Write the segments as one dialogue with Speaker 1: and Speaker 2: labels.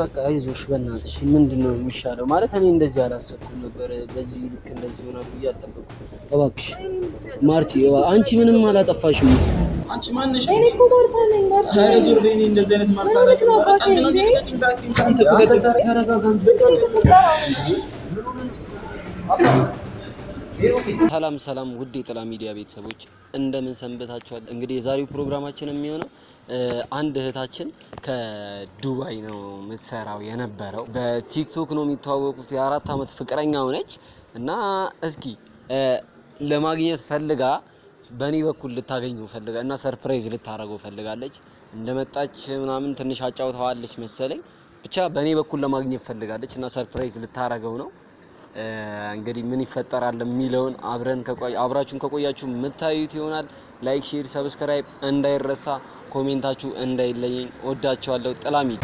Speaker 1: በቃ አይዞሽ በእናትሽ ምንድን ነው የሚሻለው? ማለት እኔ እንደዚህ አላሰብኩም ነበረ። በዚህ ልክ እንደዚህ ይሆናል ብዬ አልጠበኩም። እባክሽ ማርቲ፣ አንቺ ምንም አላጠፋሽም።
Speaker 2: አንቺ ማነሽ?
Speaker 3: ማርታ
Speaker 2: ነኝ። ማርታ
Speaker 1: ማርታ ሰላም ሰላም ውድ የጥላ ሚዲያ ቤተሰቦች እንደምን ሰንበታችኋል? እንግዲህ የዛሬው ፕሮግራማችን የሚሆነው አንድ እህታችን ከዱባይ ነው የምትሰራው የነበረው። በቲክቶክ ነው የሚተዋወቁት። የአራት ዓመት ፍቅረኛ ሆነች እና እስኪ ለማግኘት ፈልጋ በእኔ በኩል ልታገኙ ፈልጋ እና ሰርፕራይዝ ልታደርገው ፈልጋለች። እንደመጣች ምናምን ትንሽ አጫውተዋለች መሰለኝ። ብቻ በእኔ በኩል ለማግኘት ፈልጋለች እና ሰርፕራይዝ ልታደርገው ነው እንግዲህ ምን ይፈጠራል የሚለውን አብረን አብራችሁን ከቆያችሁ የምታዩት ይሆናል። ላይክ፣ ሼር፣ ሰብስክራይብ እንዳይረሳ፣ ኮሜንታችሁ እንዳይለየኝ። ወዳችኋለሁ። ጥላሚ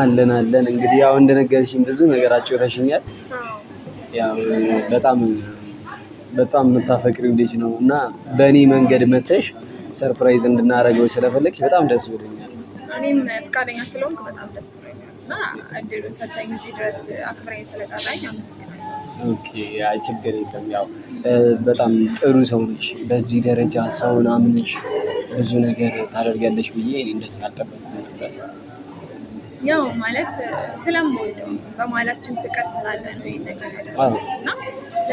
Speaker 1: አለን አለን። እንግዲህ ያው እንደነገርሽኝ ብዙ ነገራቸው አጫውተሽኛል። ያው በጣም በጣም የምታፈቅሪው ልጅ ነው እና በእኔ መንገድ መተሽ ሰርፕራይዝ እንድናደርገው ስለፈለግሽ በጣም ደስ ብሎኛል።
Speaker 3: እኔም ፈቃደኛ ስለሆንኩ በጣም ደስ ብሎኛል እና እድሉን ሰጠኝ እዚህ ድረስ አክብረኝ ስለጠራኝ አመሰግናለሁ።
Speaker 1: ኦኬ ችግር የለም። ያው በጣም ጥሩ ሰው ነሽ። በዚህ ደረጃ ሰውን አምነሽ ብዙ ነገር ታደርጋለሽ ብዬ እኔ እንደዚህ ነበር።
Speaker 3: ያው ማለት ስለምወደው በመሀላችን ፍቅር ስላለ ነው
Speaker 1: ነገር ያደረኩት እና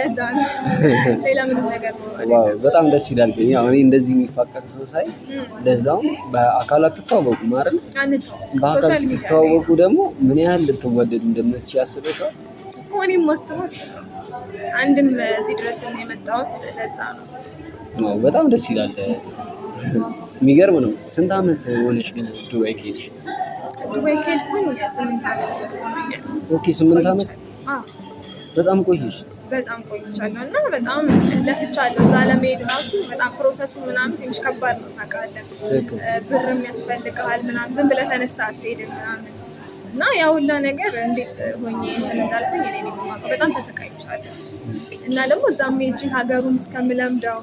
Speaker 1: በጣም ደስ ይላል። ግን ያው እኔ እንደዚህ የሚፋቀር ሰው ሳይ ለዛውም በአካል አትተዋወቁም አይደል? በአካል ስትተዋወቁ ደግሞ ምን ያህል ልትወደዱ እንደምትች ያስበሻል።
Speaker 3: እኔም ማስበሽ አንድም እዚህ ድረስ የመጣሁት ለዛ ነው።
Speaker 1: በጣም ደስ ይላል። የሚገርም ነው። ስንት ዓመት ሆነሽ ግን ዱባይ ከሄድሽ?
Speaker 3: ዱባይ ከሄድኩኝ ስምንት ዓመት።
Speaker 1: ኦኬ ስምንት ዓመት በጣም ቆይሽ።
Speaker 3: በጣም ቆይቻለሁ እና በጣም ለፍቻለሁ። እዛ ለመሄድ ራሱ በጣም ፕሮሰሱ ምናምን ትንሽ ከባድ ነው ታውቃለህ። ብርም ያስፈልግሃል ምናምን፣ ዝም ብለህ ተነስተህ አትሄድም ምናምን እና ያ ሁላ ነገር እንዴት ሆኜ እንዳልኩኝ እኔ በጣም ተሰቃይቻለሁ። እና ደግሞ እዛም ሄጄ ሀገሩን እስከምለምደው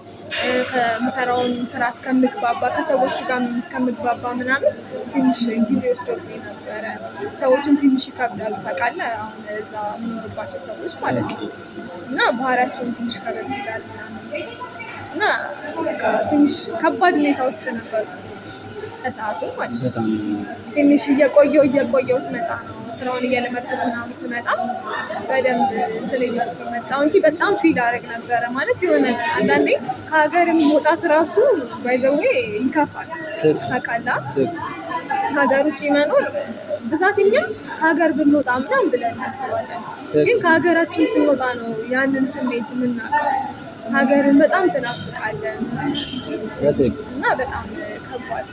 Speaker 3: ከምሰራውን ስራ እስከምግባባ ከሰዎቹ ጋር እስከምግባባ ምናምን ትንሽ ጊዜ ወስዶብኝ ነበር። ነበረ። ሰዎችን ትንሽ ይከብዳል ታውቃለህ፣ አሁን እዛ የምኖርባቸው ሰዎች ማለት ነው እና ባህሪያቸውን ትንሽ ከበድላል እና ትንሽ ከባድ ሁኔታ ውስጥ ነበሩ ከሰዓቱ ማለት ነው። ትንሽ እየቆየው እየቆየው ስመጣ ነው ስራውን እየለመድኩት ምናምን ስመጣ በደንብ እንትን እያልኩ መጣሁ እንጂ በጣም ፊል አደረግ ነበረ ማለት የሆነ አንዳንዴ ከሀገር መውጣት ራሱ ባይዘዌ ይከፋል ታውቃለህ ከሀገር ውጭ መኖር ብዛት እኛ ከሀገር ብንወጣ ምናምን ብለን እናስባለን። ግን ከሀገራችን ስንወጣ ነው ያንን ስሜት የምናውቀው። ሀገርን በጣም ትናፍቃለን እና በጣም ከባድ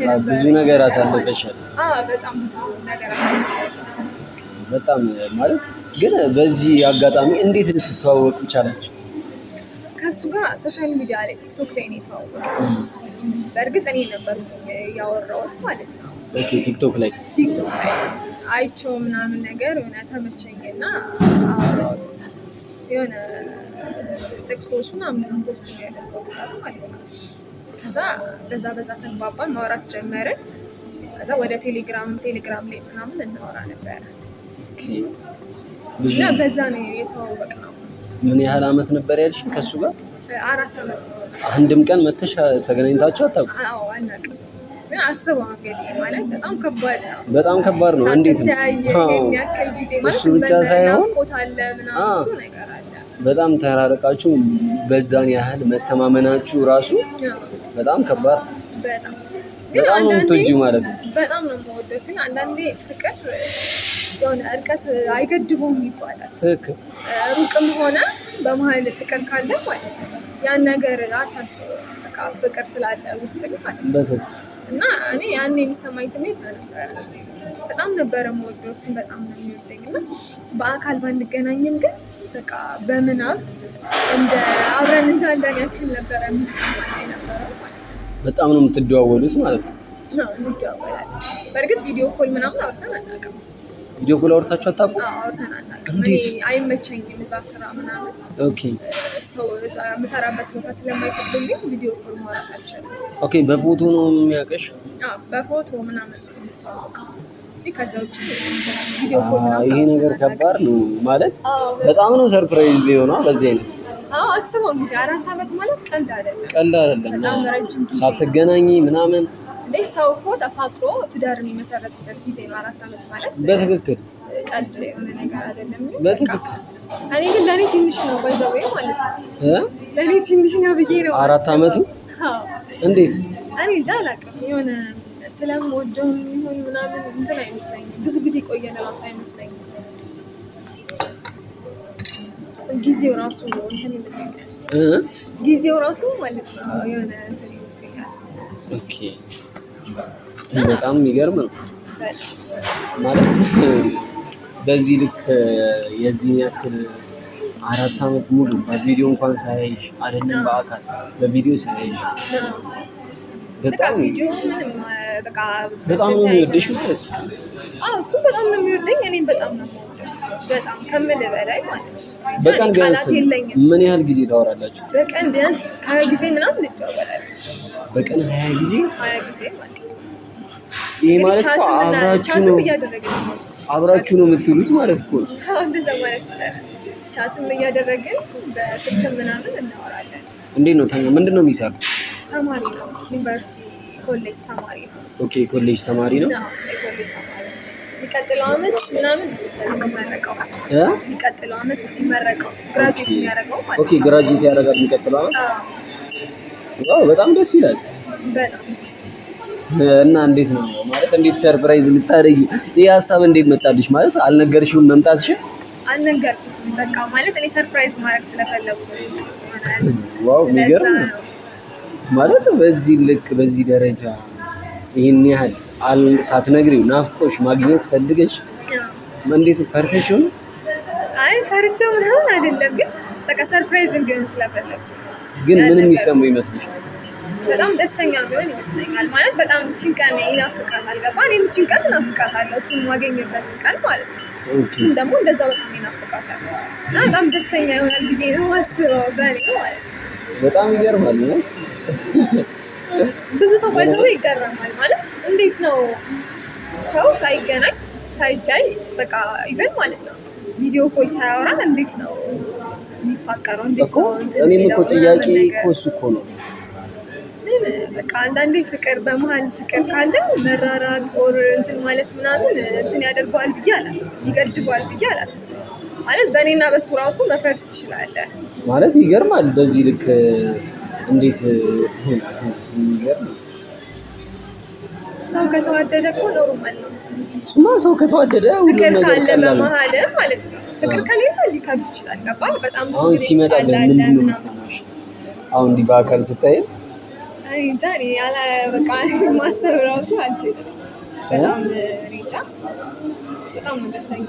Speaker 1: ነበረ። ብዙ ነገር አሳልፈሻል።
Speaker 3: በጣም ብዙ ነገር አሳልፈሻል።
Speaker 1: በጣም ማለት ግን በዚህ አጋጣሚ እንዴት ልትተዋወቁ ቻላችሁ?
Speaker 3: ከእሱ ጋር ሶሻል ሚዲያ ላይ ቲክቶክ ላይ ነው የተዋወቀው በእርግጥ እኔ ነበር ያወራሁት ማለት ነው። ቲክቶክ ላይ ቲክቶክ ላይ አይቼው ምናምን ነገር የሆነ ተመቸኝና አወራሁት የሆነ ጥቅሶች ምናምን ፖስት ያደርገው ሰዓት ማለት ነው። ከዛ በዛ በዛ ተግባባን፣ ማውራት ጀመርን። ከዛ ወደ ቴሌግራም ቴሌግራም ላይ ምናምን እናወራ ነበረ እና በዛ ነው የተዋወቅ ነው።
Speaker 1: ምን ያህል አመት ነበር ያልሽ ከሱ ጋር? አራት አመት አንድም ቀን መተሽ ተገናኝታችሁ አታውቁም? በጣም ከባድ ነው። እንዴት ነው እሱ ብቻ ሳይሆን በጣም ተራርቃችሁ በዛን ያህል መተማመናችሁ ራሱ በጣም ከባድ በጣም ነው የምትወጂው ማለት ነው።
Speaker 3: በጣም ነው የምወደው ሲል አንዳንዴ ፍቅር የሆነ እርቀት አይገድቡም ይባላል። ትክክል። ሩቅም ሆነ በመሀል ፍቅር ካለ ማለት ነው ያን ነገር አታስብ። በቃ ፍቅር ስላለ ውስጥ እና እኔ ያን የሚሰማኝ ስሜት ነበረ። በጣም ነበረ የምወደው እሱን በጣም ነው የሚወደኝ እና በአካል ባንገናኝም ግን በቃ በምናብ እንደ አብረን እንዳለን ያክል ነበረ የሚሰማኝ የነበረው
Speaker 1: በጣም ነው የምትደዋወሉት ማለት ነው?
Speaker 3: እንደዋወላለን። በእርግጥ ቪዲዮ ኮል ምናምን አውርተን አናውቅም
Speaker 1: ቪዲዮ ኮል አውርታችሁ አታውቁም? እንዴት
Speaker 3: አይመቸኝም፣ እዛ ስራ
Speaker 1: ምናምን
Speaker 3: ሰው የምሰራበት ቦታ ስለማይፈቅድልኝ ቪዲዮ ኮል ማውራት አልችልም።
Speaker 1: ኦኬ፣ በፎቶ ነው የሚያውቅሽ?
Speaker 3: በፎቶ ምናምን
Speaker 1: ይሄ ነገር ከባድ ነው ማለት በጣም ነው። ሰርፕራይዝ ቢሆን በዚህ አይነት
Speaker 3: አስበው እንግዲህ አራት አመት ማለት ቀልድ አይደለም፣ ቀልድ አይደለም።
Speaker 1: ሳትገናኝ ምናምን
Speaker 3: እንዴ ሰው እኮ ተፋቅሮ ትዳር የሚመሰረትበት ጊዜ ነው። አራት ዓመት ማለት
Speaker 1: በትክክል ቀልድ የሆነ ነገር
Speaker 3: አይደለም። በትክክል እኔ ግን ለእኔ ትንሽ ነው ባይዘው ማለት ነው። ለእኔ ትንሽ ነው ብዬ ነው
Speaker 1: አራት ዓመቱ እንዴት
Speaker 3: እኔ እንጃ አላውቅም። የሆነ ስለምወደው ይሁን ምናምን እንትን አይመስለኝም። ብዙ ጊዜ ቆየን ራሱ አይመስለኝም። ጊዜው ራሱ ጊዜው ራሱ ማለት ነው የሆነ እንትን ይመስለኛል።
Speaker 1: ኦኬ በጣም የሚገርም ነው ማለት በዚህ ልክ የዚህን ያክል አራት ዓመት ሙሉ በቪዲዮ እንኳን ሳያይሽ አይደለም በአካል በቪዲዮ ሳያይሽ በጣም ነው የሚወደሽ ማለት ነው።
Speaker 3: እሱም በጣም ነው የሚወደኝ እኔም በጣም ነው በጣም ከምልህ በላይ ማለት ነው።
Speaker 1: በቀን ቢያንስ ምን ያህል ጊዜ ታወራላችሁ?
Speaker 3: በቀን ቢያንስ ከሀያ ጊዜ ምናምን እንጫወታለን።
Speaker 1: በቀን ሀያ ጊዜ
Speaker 3: ሀያ ጊዜ ማለት ነው። ይሄ ማለት እኮ አብራችሁ ነው
Speaker 1: አብራችሁ ነው የምትሉት ማለት እኮ ነው።
Speaker 3: እንደዛ ማለት ይቻላል። ቻትም እያደረግን በስልክ ምናምን እናወራለን።
Speaker 1: እንዴት ነው ታኛ? ምንድን ነው የሚሰራው?
Speaker 3: ተማሪ ነው። ዩኒቨርሲቲ ኮሌጅ ተማሪ ነው።
Speaker 1: ኦኬ ኮሌጅ ተማሪ ነው።
Speaker 3: የሚቀጥለው አመት ምናምን የሚቀጥለው አመት የሚመረቀው ግራጁዌት የሚያደርገው
Speaker 1: ኦኬ ግራጁዌት ያደርጋል የሚቀጥለው አመት። ዋው በጣም ደስ ይላል። እና እንዴት ነው ማለት እንዴት ሰርፕራይዝ ልታደርጊ ይሄ ሀሳብ እንዴት መጣልሽ? ማለት አልነገርሽውም መምጣትሽ?
Speaker 3: አልነገርኩትም በቃ ማለት እኔ ሰርፕራይዝ ማድረግ ስለፈለጉ
Speaker 1: ዋው የሚገርም ማለት በዚህ ልክ በዚህ ደረጃ ይህን ያህል ሳትነግሪው ናፍቆሽ ማግኘት ፈልገሽ እንዴት ፈርተሽ ሆነ?
Speaker 3: አይ ፈርቼ ምናምን አይደለም፣ ግን በቃ ሰርፕራይዝ እንዲሆን ስለፈለግ።
Speaker 1: ግን ምንም የሚሰማው ይመስልሽ?
Speaker 3: በጣም ደስተኛ ቢሆን ይመስለኛል። ማለት በጣም እችን ቀን ይናፍቃታል፣ ገባ? እኔም እችን ቀን እናፍቃታለሁ፣ እሱን የማገኝበትን ቀን ማለት ነው። እሱም ደግሞ እንደዛ በጣም ይናፍቃታል እና በጣም ደስተኛ ይሆናል ብዬ ነው አስበው፣ በእኔ ማለት
Speaker 1: ነው። በጣም ይገርማል።
Speaker 3: ብዙ ሰው ባይዘው ይገረማል ማለት እንዴት ነው ሰው ሳይገናኝ ሳይታይ በቃ ኢቨን ማለት ነው ቪዲዮ ኮል ሳያወራ እንዴት ነው የሚፋቀረው? እንዴት
Speaker 1: ነው? እኔም እኮ ጥያቄ እኮ እሱ እኮ ነው።
Speaker 3: በቃ አንዳንዴ ፍቅር በመሀል ፍቅር ካለ መራራቅ ጦር እንትን ማለት ምናምን እንትን ያደርገዋል ብዬ አላስብ፣ ይገድበዋል ብዬ አላስብ። ማለት በእኔና በሱ ራሱ መፍረድ ትችላለ
Speaker 1: ማለት ይገርማል። በዚህ ልክ እንዴት ይገርማል።
Speaker 3: ሰው ከተዋደደ እኮ ኖርማል ነው።
Speaker 1: እሱማ ሰው ከተዋደደ
Speaker 3: ፍቅር ካለ በመሀል ማለት ነው። ፍቅር ከሌለ ሊከብድ ይችላል። ገባል በጣም
Speaker 1: ብዙ አሁን ሲመጣ ግን ምንድን ነው መሰለሽ አሁን እንዲህ በአካል ስታይ
Speaker 3: እንጃ እኔ ያለ በቃ ማሰብ እራሱ አልችልም። በጣም እንጃ በጣም ነው ደስተኛ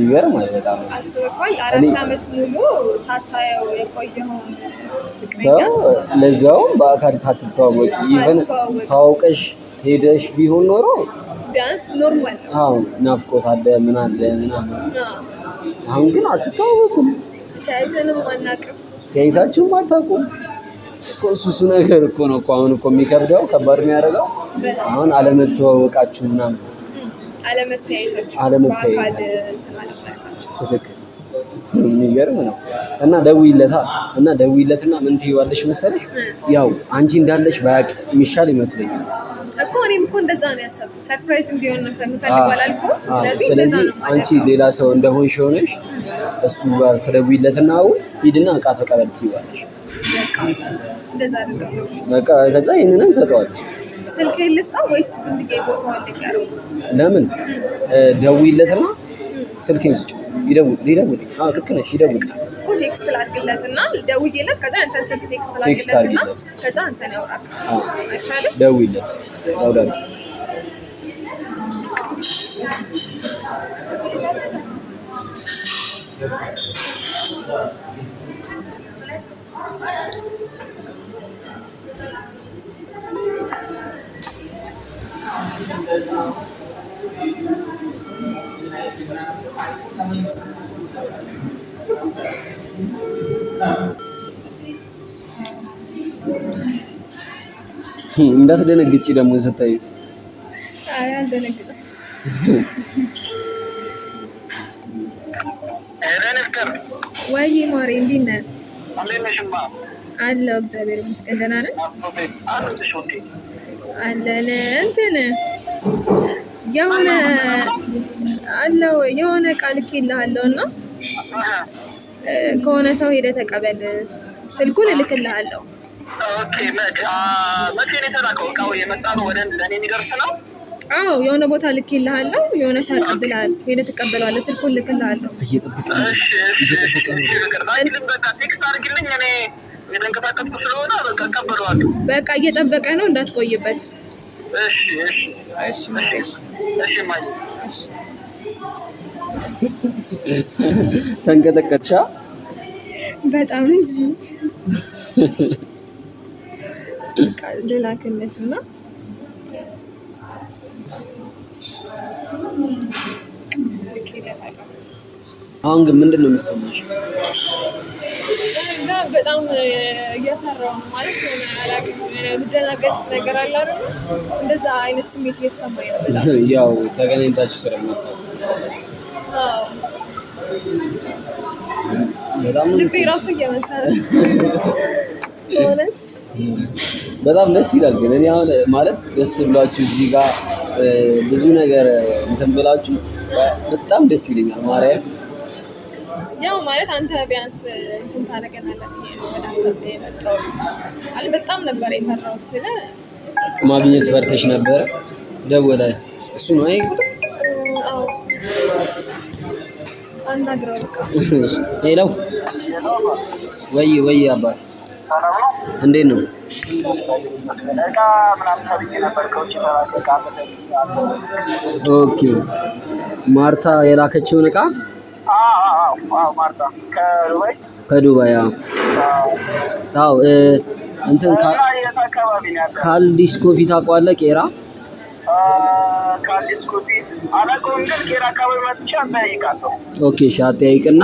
Speaker 1: ይገርማል። በጣም
Speaker 3: አስበኳል አራት አመት ሙሉ ሳታየው የቆየኸውን
Speaker 1: ሰው ለዛውም በአካል ሳትተዋወቂ ኢቨን ታውቀሽ ሄደሽ ቢሆን ኖሮ
Speaker 3: ቢያንስ ኖርማል
Speaker 1: አዎ ናፍቆት አለ ምን አለ ምናምን አሁን ግን አትተዋወቁም
Speaker 3: ተያይተንም አናውቅም
Speaker 1: ተያይታችሁም እሱ ነገር እኮ ነው እኮ አሁን እኮ የሚከብደው ከባድ የሚያደርገው አሁን አለመተዋወቃችሁ ምናምን
Speaker 3: አለመተያየታችሁ
Speaker 1: አለመተያየታችሁ ትክክል የሚገርም ነው። እና ደውይለታ እና ደውይለትና ምን ትይዋለሽ መሰለሽ ያው አንቺ እንዳለሽ ባያቅ የሚሻል ይመስለኛል
Speaker 3: እኮ እኔም እኮ እንደዛ ነው ያሰብኩት። ሰርፕራይዝ እንዲሆን ነው ፈልጋለሁ።
Speaker 1: ስለዚህ አንቺ ሌላ ሰው እንደሆንሽ ሆነሽ እሱ ጋር ትደውይለትና አሁን ሂድና እቃ ተቀበል ትይዋለሽ። በቃ ከዛ ይህንን እንሰጠዋለሽ።
Speaker 3: ስልክ ልስጣ ወይስ ዝም ብዬ ቦታው ልቀረው?
Speaker 1: ለምን ደውይለትና ስልኬን ስጭው ይደውል ይደውል። አዎ ልክ ነሽ፣ ይደውልናል
Speaker 3: እኮ ቴክስት ላክለትና ደውዬለት ከዛ አንተን ስልክ ቴክስት ላክለትና ከዛ አንተን ያወራል። አዎ
Speaker 1: አይሻልም? ደውይለት እንዳትደነግጪ ደግሞ ስታዩ
Speaker 3: ወይ ሞሬ እንዴት ነህ? አለሁ እግዚአብሔር ይመስገን ደህና ነህ? አለን እንትን የሆነ አለው የሆነ ቃል ልኬልሃለሁ እና ከሆነ ሰው ሄደህ ተቀበል። ስልኩን እልክልሃለሁ። አዎ የሆነ ቦታ ልኬልሃለሁ። የሆነ ሰው ያቀብልሃል፣ ሄደህ ተቀበለዋለህ። ስልኩን እልክልሃለሁ።
Speaker 1: በቃ እየጠበቀ ነው፣ እንዳትቆይበት እሺ እሺ እሺ እሺ ማለት ተንቀጠቀጥሻ? በጣም እንጂ ልላክለት እና አሁን ግን ምንድን ነው የሚሰማሽ? እና በጣም እየፈራሁ ነው ማለት ሆነ ነገር አለ አይደል? እንደዛ አይነት ስሜት እየተሰማኝ ነው። በጣም ያው ተገናኝታችሁ ልቤ ራሱ እየመታ ማለት በጣም ደስ ይላል። ግን እኔ አሁን ማለት ደስ ብላችሁ እዚህ ጋር ብዙ ነገር እንትን ብላችሁ በጣም ደስ ይለኛል ማርያም ያው ማለት አንተ ቢያንስ እንትን ታደርገናለህ በጣም ነበር የፈራሁት። ስለ ማግኘት ፈርተሽ ነበረ ደወለ። እሱ ነው አይ ቁጥር ሄለው ወይ ወይ አባት እንዴት ነው? ኦኬ ማርታ የላከችውን እቃ ከዱባይ ከዱባይ አዎ እንትን ካልዲስ ኮፊ ታውቀዋለህ? ቄራ ኦኬ እሺ፣ አጠያይቅና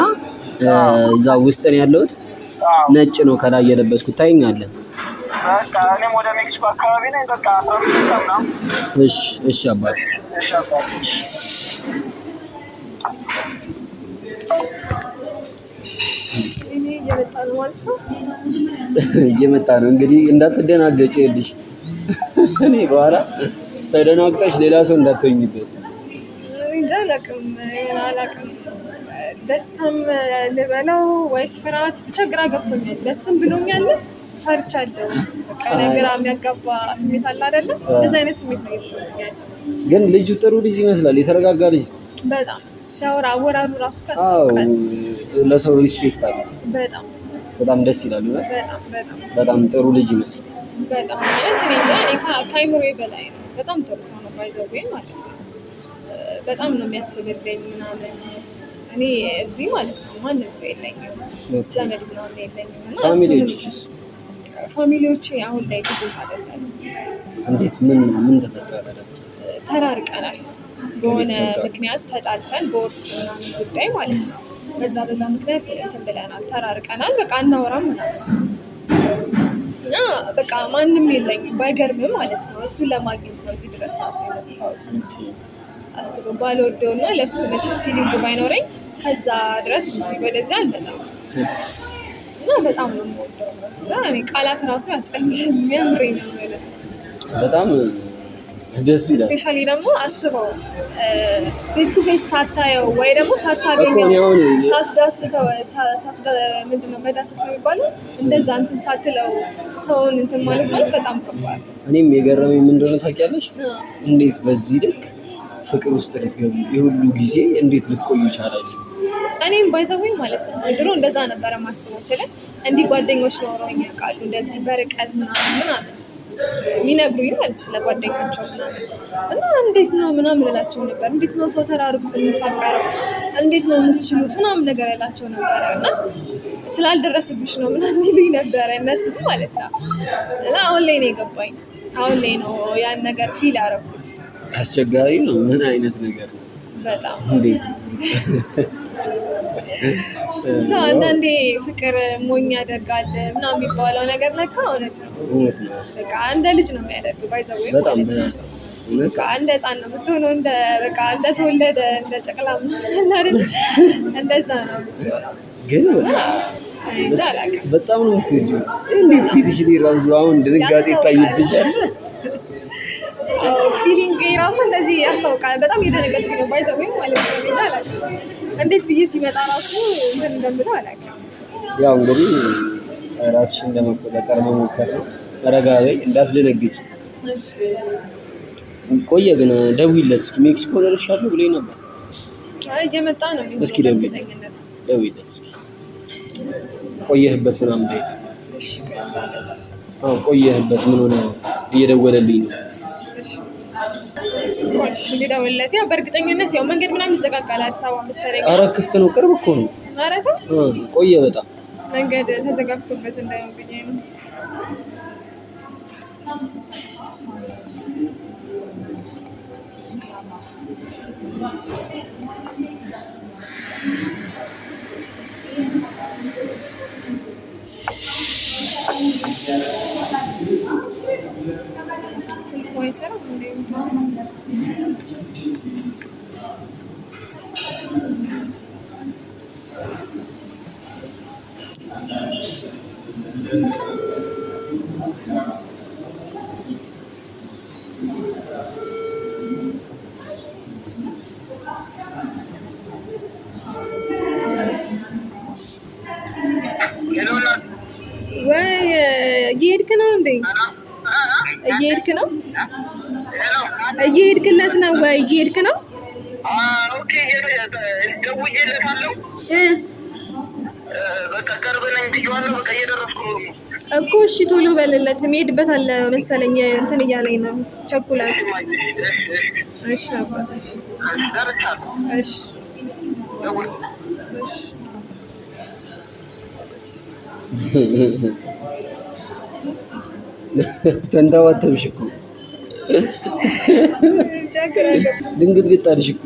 Speaker 1: እዛ ውስጥ ነው ያለሁት። ነጭ ነው ከላይ የለበስኩት፣ ታይኛለህ። እሺ፣ እሺ አባት እየመጣ ነው እንግዲህ እንዳትደናገጭ ይልሽ እኔ በኋላ ተደናግጠሽ ሌላ ሰው እንዳትሆኝበት ደስታም ልበለው ወይስ ፍርሃት ብቻ ግራ ገብቶኛል ደስም ብሎኛል ፈርቻለሁ ግራ የሚያጋባ ስሜት አለ አይደለም እንደዚህ አይነት ስሜት ነው ግን ልጁ ጥሩ ልጅ ይመስላል የተረጋጋ ልጅ በጣም ሲያወራ አወራሩ ራሱ ካስታውቃል። ለሰው ሪስፔክት አለ። በጣም በጣም ደስ ይላል። በጣም በጣም በጣም ጥሩ ልጅ ይመስላል። በጣም ማለት እንጃ እኔ በላይ ነው። በጣም ጥሩ ሰው ነው ባይዘው ማለት ነው። በጣም ነው የሚያስብልኝ ምናምን። እኔ እዚህ ማለት ነው ማንም ሰው የለኝም፣ ዘመድ ምናምን የለኝም። ፋሚሊዎቼ አሁን ላይ ብዙ አይደለም። እንዴት ምን ምን ተፈጠረ? ተራርቀናል በሆነ ምክንያት ተጣልተን በወርስ ምናምን ጉዳይ ማለት ነው። በዛ በዛ ምክንያት እንትን ብለናል፣ ተራርቀናል። በቃ እናወራም ምናምን እና በቃ ማንም የለኝ ባይገርምም ማለት ነው። እሱን ለማግኘት ነው እዚህ ድረስ ነው የመጣሁት። አስበ ባልወደው እና ለእሱ መቼስ ፊሊንግ ባይኖረኝ ከዛ ድረስ እዚህ ወደዚህ አልመጣም እና በጣም ነው የምወደው። ቃላት ራሱ ያጠ የምሬ ነው በጣም ደስ ይላል። እስፔሻሊ ደግሞ አስበው ፌስ ቱ ፌስ ሳታየው ወይ ደግሞ ሳታገኘው ሳስዳስተው ሳስዳ ምንድን ነው መዳሰስ የሚባለው እንደዛ እንትን ሳትለው ሰውን እንትን ማለት ማለት በጣም ከባድ። እኔም የገረመኝ ምን ታውቂያለሽ? እንዴት በዚህ ልክ ፍቅር ውስጥ ልትገቡ የሁሉ ጊዜ እንዴት ልትቆዩ ይቻላችሁ? እኔም ባይዘወኝ ማለት ነው ድሮ እንደዛ ነበረ ማስበው ስለ እንዲህ ጓደኞች ኖረውኝ ያውቃሉ እንደዚህ በርቀት ምናምን ምናምን የሚነግሩኝ ማለት ስለጓደኛቸው ምናምን እና እንዴት ነው ምናምን እላቸው ነበር። እንዴት ነው ሰው ተራርቆ የሚፋቀረው? እንዴት ነው የምትችሉት? ምናምን ነገር እላቸው ነበረ እና ስላልደረስብሽ ነው ምናምን ይሉኝ ነበረ እነሱ ማለት ነው። እና አሁን ላይ ነው የገባኝ። አሁን ላይ ነው ያን ነገር ፊል ያደረኩት። አስቸጋሪ ነው። ምን አይነት ነገር ነው? በጣም እንዴት ነው አንዳንዴ ፍቅር ሞኝ ያደርጋል ምና የሚባለው ነገር ለካ እውነት ነው። በቃ እንደ ልጅ ነው የሚያደርገው። ባይዘው እንደ ሕፃን ነው የምትሆነው። እንደ በቃ እንደተወለደ እንደ ጨቅላ ምናምን እንደዛ ነው የምትሆነው ግን በጣም ነው የምትወጂው። እንዴት ፊትሽ ራሱ አሁን ድንጋጤ ይታይብሻል። ፊሊንግ ራሱ እንደዚህ ያስታውቃል። በጣም እየደነገጥኩ ነው ባይዘው ማለት ነው። እንዴት ብዬ ሲመጣ ራሱ እንደምለው አላውቅም። ያው እንግዲህ ራስሽን ለመቆጣጠር መሞከር ነው። ረጋ በይ እንዳስደነግጭ። ቆየ ግን ደውይለት እስኪ ሜክሲኮ ደርሻለሁ ብሎኝ ነበር። እየመጣ ነው። እስኪ ደውይለት ደውይለት እስኪ ቆየህበት ምናምን በይ። ቆየህበት ምን ሆነ? እየደወለልኝ ነው ልደውልለት። ያው በእርግጠኝነት ያው መንገድ ምናምን ይዘጋጋል አዲስ አበባ መሰለኝ። ኧረ ክፍት ነው፣ ቅርብ እኮ ነው። ኧረ ተው ቆየ፣ በጣም መንገድ ተዘጋግቶበት እንዳይሆን ብዬ ነው። እየሄድክለት ነው ወይ? እየሄድክ ነው? እኮ። እሺ ቶሎ በልለት፣ የምሄድበት አለ መሰለኝ። እንትን እያለኝ ነው፣ ቸኩላል። እሺ አባት እሺ እኮ ድንግጥግጥ አልሽ እኮ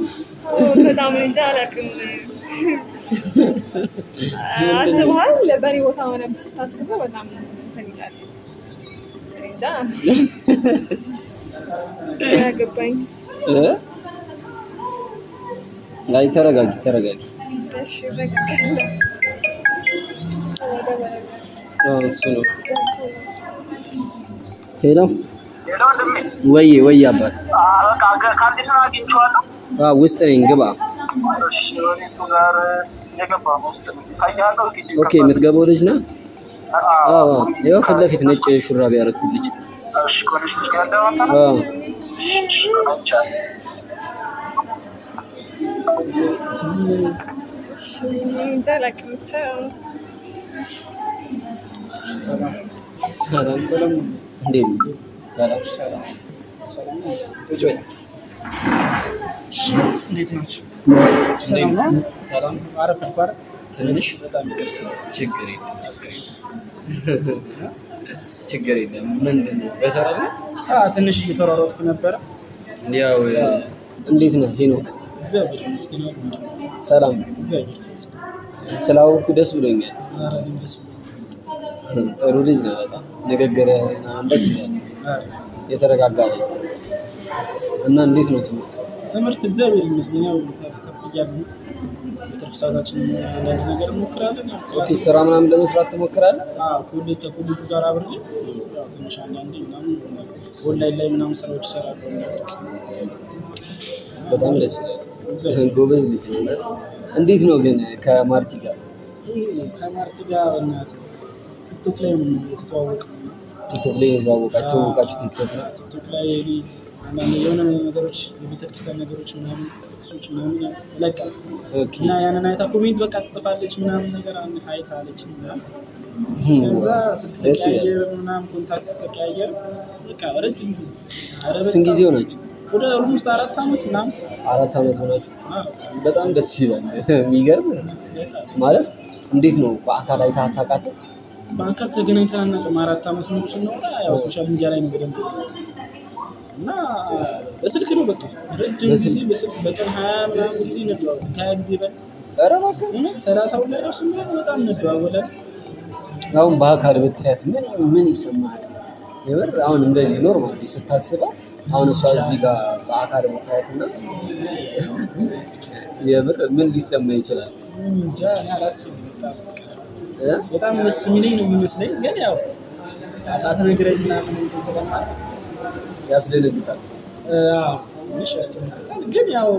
Speaker 1: በጣም እንጃ አላውቅም። አስበሃል? በእኔ ቦታ ሆነህ ስታስበው በጣም እንትን ተረጋጊ፣ ተረጋጊ። ሄሎ ወይ ወይ አባት ውስጥ ነኝ ግባ። ኦኬ የምትገባው ልጅ ነ ይኸው ፊት ለፊት ነጭ ሹራብ ያደረኩት ልጅ እንዴት ነው? እንዴት ናችሁ? ሰላም አረፈር ትንሽ በጣም ይቅርታ። ችግር የለም ችግር የለም። ምንድን ነው በሰራ ትንሽ እየተሯሯጥኩ ነበረ። ያው እንዴት ነው ሄኖክ? እግዚአብሔር ይመስገን። ሰላም እግዚአብሔር ደስ ብሎኛል። ጥሩ ልጅ ነው በጣም ንግግር ደስ ይላል። የተረጋጋ ልጅ እና እንዴት ነው ትምህርት? ትምህርት እግዚአብሔር ይመስገን ያው ተፍተፍ እያሉ በትርፍ ሰዓታችን አንዳንድ ነገር እንሞክራለን። ስራ ምናምን ለመስራት ትሞክራለን። ከኮሌጁ ጋር አብሬ ትንሽ አንዳንዴ ምናምን ኦንላይን ላይ ምናምን ስራዎች ይሰራሉ። በጣም ደስ ይላል። ጎበዝ ልጅ ነት። እንዴት ነው ግን ከማርቲ ጋር ከማርቲ ጋር እናት ቲክቶክ ላይ የተተዋወቅ ነው ቲክቶክ ላይ ነው የተዋወቃቸው ቲክቶክ ላይ ቲክቶክ ላይ አንዳንድ የሆነ ነገሮች የቤተክርስቲያን ነገሮች ምናምን ጥቅሶች ምናምን ይለቃል እና ያንን አይታ ኮሜንት በቃ ትጽፋለች ምናምን ነገር አን አይት አለች ከዛ ስልክ ተቀያየር ምናምን ኮንታክት ተቀያየር በቃ ረጅም ጊዜ ስን ጊዜ ሆናችሁ? ወደ ሩም አራት ዓመት ምናምን አራት ዓመት ሆናችሁ። በጣም ደስ ይላል። የሚገርም ማለት እንዴት ነው በአካል አይታ አታውቃትም? በአካል ተገናኝተን አናውቅም። አራት ዓመት ሙሉ ስናወራ ያው ሶሻል ሚዲያ ላይ ነው በደንብ እና በስልክ ነው በቃ ረጅም ጊዜ በስልክ በቀን ሀያ ምናምን ጊዜ እንደዋወል ከሀያ ጊዜ በላይ ሰላሳ ሁላ ደርስ ምናምን በጣም እንደዋወላለን። አሁን በአካል ብታያት ምን ምን ይሰማል? የምር አሁን እንደዚህ ኖርማል ስታስበው አሁን እሷ እዚህ ጋር በአካል ብታያት እና የምር ምን ሊሰማ ይችላል? እንጃ እኔ አላስብም በጣም ደስ የሚለኝ ነው የሚመስለኝ። ግን ያው ሳትነግረኝ ምናምን እንትን ስለማት ያስደነግጣል፣ ትንሽ ያስደነግጣል። ግን ያው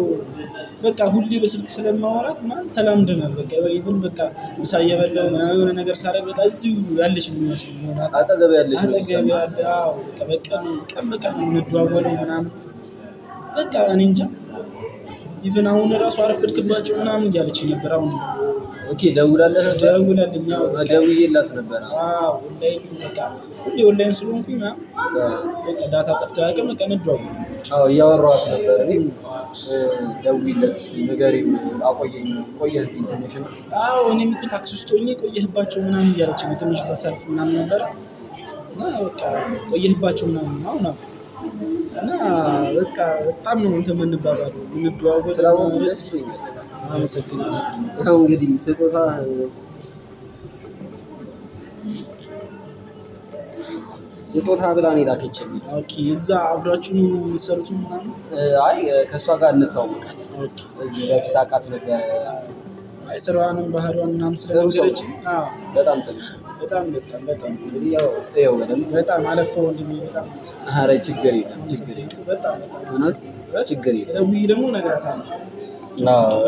Speaker 1: በቃ ሁሌ በስልክ ስለማወራት ምናምን ተላምደናል። በቃ ይሁን በቃ ምሳ እየበላሁ ምናምን የሆነ ነገር ሳደርግ በቃ እዚሁ ያለች የሚመስል ይሆናል። አጠገብ ያለች አጠገብ ያለ በቃ በቃ በቃ የምንደዋወለው ምናምን በቃ እኔ እንጃ ኢቨን አሁን እራሱ አረፈድክባቸው ምናምን እያለች ነበር። አሁን ኦኬ ደውላለህ? ደውላለኝ። ደውዬላት ነበር። አዎ ኦንላይን በቃ ሁሌ ኦንላይን ስለሆንኩኝ በቃ ዳታ ጠፍቶ ያውቅም። በቃ ነዷል። አዎ እያወራኋት ነበር እኔ ደውይለት ንገሪው፣ አቆየኝ ቆየህብኝ ትንሽ። አዎ እኔ ምት ታክሲ ውስጥ ሆኜ ቆየህባቸው ምናምን እያለች ነው። ትንሽ እዛ ሰልፍ ምናምን ነበረ እና በቃ ቆየህባቸው ምናምን አሁን አሁን እና በቃ በጣም ነው እንትን ደስ ብሎኛል። አመሰግናለሁ። ያው እንግዲህ ስጦታ ስጦታ ብላ ነው የላከችልኝ። እዛ አብራችሁ የምትሰሩት ምናምን? አይ ከእሷ ጋር እንተዋወቃለን። እዚህ በፊት አውቃት ነበር። ስራዋንም ባህሪዋን ምናምን ስለነገረችኝ በጣም ጥሩ ሰው በጣም በጣም በጣም ያው በጣም አለፈ ወንድሜ፣ በጣም ኧረ ችግር የለም ችግር የለም በጣም በጣም ችግር የለም። ደውዬ ደግሞ እነግራታለሁ። አዎ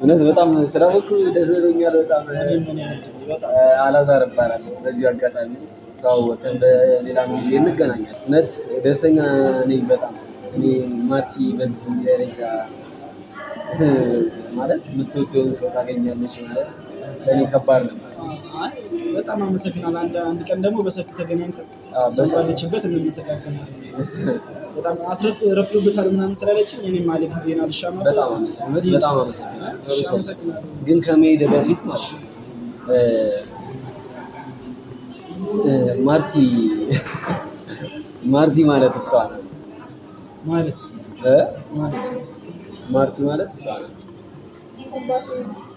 Speaker 1: እውነት በጣም ስላወኩ ደስ ብሎኛል። በጣም አላዛር እባላለሁ። በዚሁ አጋጣሚ ተዋወቀን፣ በሌላ ጊዜ እንገናኛለን። እውነት ደስተኛ ነኝ በጣም እኔ ማርቺ በዚህ ደረጃ ማለት የምትወደውን ሰው ታገኛለች ማለት ለእኔ ከባድ ነው። በጣም አመሰግናል። አንድ ቀን ደግሞ በሰፊ ተገናኝተን ባለችበት እንመሰጋገናል። በጣም አስረፍ ረፍዶበታል ምናምን ስላለችኝ እኔም አለ ጊዜና ልሻማ በጣም አመሰግናለሁ። ግን ከመሄድ በፊት ማርቲ ማርቲ ማለት እሷ ናት ማለት ማርቲ ማለት እሷ ናት።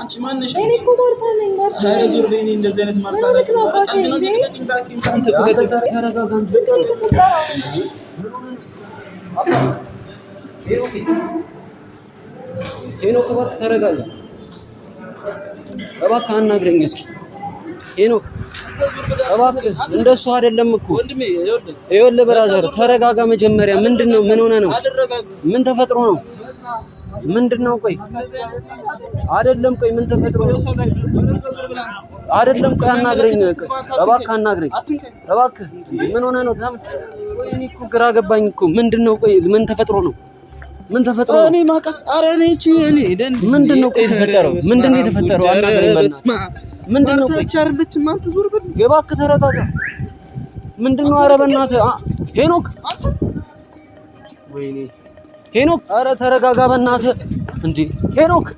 Speaker 1: አንቺ እኔ እኮ ማርታ ነኝ። ማርታ ኧረ ዞር በይ። እኔ እንደዚህ አይነት ማርታ ነኝ። ሄኖክ እባክህ ተረጋጋ። እባክህ አናግረኝ እስኪ ሄኖክ እባክህ እንደሱ አይደለም እኮ ይኸውልህ፣ ብራዘር ተረጋጋ። መጀመሪያ ምንድን ነው? ምን ሆነ ነው? ምን ተፈጥሮ ነው? ምንድን ነው? ቆይ አይደለም፣ ቆይ ምን ተፈጥሮ አይደለም፣ ቆይ አናግረኝ፣ እባክህ አናግረኝ፣ እባክህ ምን ሆነ ነው? እኔ እኮ ግራ ገባኝ እኮ ምንድን ነው? ቆይ ምን ተፈጥሮ ነው? ምን ተፈጥሮ ነው? እኔ ማቃ አረ እኔ እቺ እኔ ምንድን ነው? ቆይ የተፈጠረው ምንድን ነው የተፈጠረው? አናግረኝ፣ በስማ ምንድን ነው? ቆይ ቻርልች ማን ትዙርብን፣ እባክህ ተረጋጋ። ምንድን ነው? ኧረ በእናትህ ሄኖክ ወይኔ ሄኖክ፣ አረ ተረጋጋ በእናትህ። እንዴ ሄኖክ፣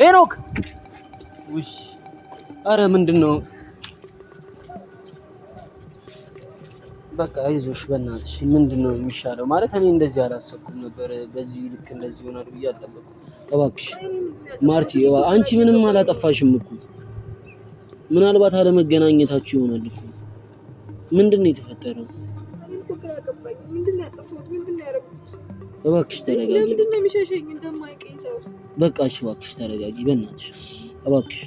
Speaker 1: ሄኖክ! ውይ አረ ምንድን ነው? በቃ አይዞሽ በእናትሽ። ምንድን ነው የሚሻለው ማለት እኔ እንደዚህ አላሰብኩም ነበር። በዚህ ልክ እንደዚህ ይሆናል ብዬ አልጠበቅኩም። እባክሽ ማርቲ፣ አንቺ ምንም አላጠፋሽም እኮ ምናልባት አለመገናኘታችሁ ይሆናል እኮ። ምንድን ነው የተፈጠረው? እባክሽ ተረጋጊ። ለምንድን ነው የሚሸሸኝ? እንደማይቀኝ ሰው። በቃ እሺ፣ እባክሽ ተረጋጊ፣ በእናትሽ እባክሽ።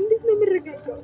Speaker 1: እንዴት ነው የምረጋጋው?